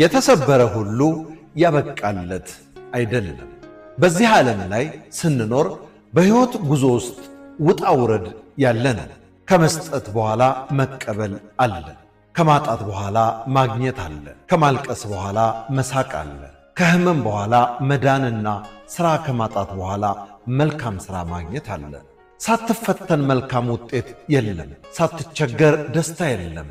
የተሰበረ ሁሉ ያበቃለት አይደለም። በዚህ ዓለም ላይ ስንኖር በሕይወት ጉዞ ውስጥ ውጣ ውረድ ያለን። ከመስጠት በኋላ መቀበል አለ። ከማጣት በኋላ ማግኘት አለ። ከማልቀስ በኋላ መሳቅ አለ። ከህመም በኋላ መዳንና ሥራ ከማጣት በኋላ መልካም ሥራ ማግኘት አለ። ሳትፈተን መልካም ውጤት የለም። ሳትቸገር ደስታ የለም።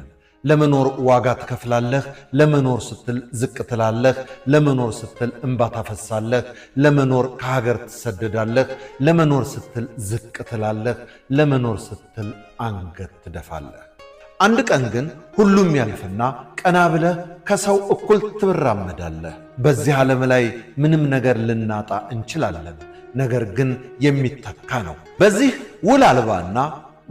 ለመኖር ዋጋ ትከፍላለህ። ለመኖር ስትል ዝቅ ትላለህ። ለመኖር ስትል እንባ ታፈሳለህ። ለመኖር ከሀገር ትሰደዳለህ። ለመኖር ስትል ዝቅ ትላለህ። ለመኖር ስትል አንገት ትደፋለህ። አንድ ቀን ግን ሁሉም ያልፍና ቀና ብለህ ከሰው እኩል ትራመዳለህ። በዚህ ዓለም ላይ ምንም ነገር ልናጣ እንችላለን፣ ነገር ግን የሚተካ ነው። በዚህ ውል አልባና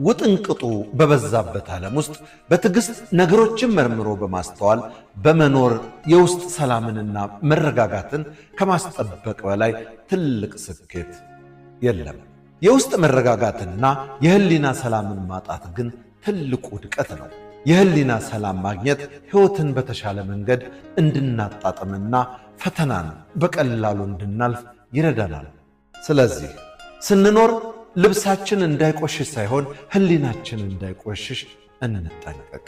ውጥንቅጡ በበዛበት ዓለም ውስጥ በትዕግሥት ነገሮችን መርምሮ በማስተዋል በመኖር የውስጥ ሰላምንና መረጋጋትን ከማስጠበቅ በላይ ትልቅ ስኬት የለም። የውስጥ መረጋጋትና የህሊና ሰላምን ማጣት ግን ትልቁ ውድቀት ነው። የህሊና ሰላም ማግኘት ሕይወትን በተሻለ መንገድ እንድናጣጥምና ፈተናን በቀላሉ እንድናልፍ ይረዳናል። ስለዚህ ስንኖር ልብሳችን እንዳይቆሽሽ ሳይሆን ሕሊናችን እንዳይቆሽሽ እንጠንቀቅ።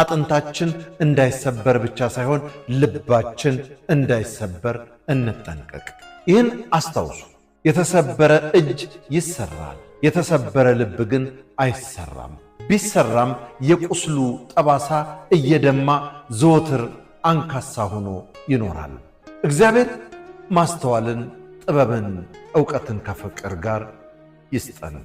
አጥንታችን እንዳይሰበር ብቻ ሳይሆን ልባችን እንዳይሰበር እንጠንቀቅ። ይህን አስታውሱ። የተሰበረ እጅ ይሰራል፣ የተሰበረ ልብ ግን አይሰራም። ቢሰራም የቁስሉ ጠባሳ እየደማ ዘወትር አንካሳ ሆኖ ይኖራል። እግዚአብሔር ማስተዋልን፣ ጥበብን፣ ዕውቀትን ከፍቅር ጋር ይስጠን።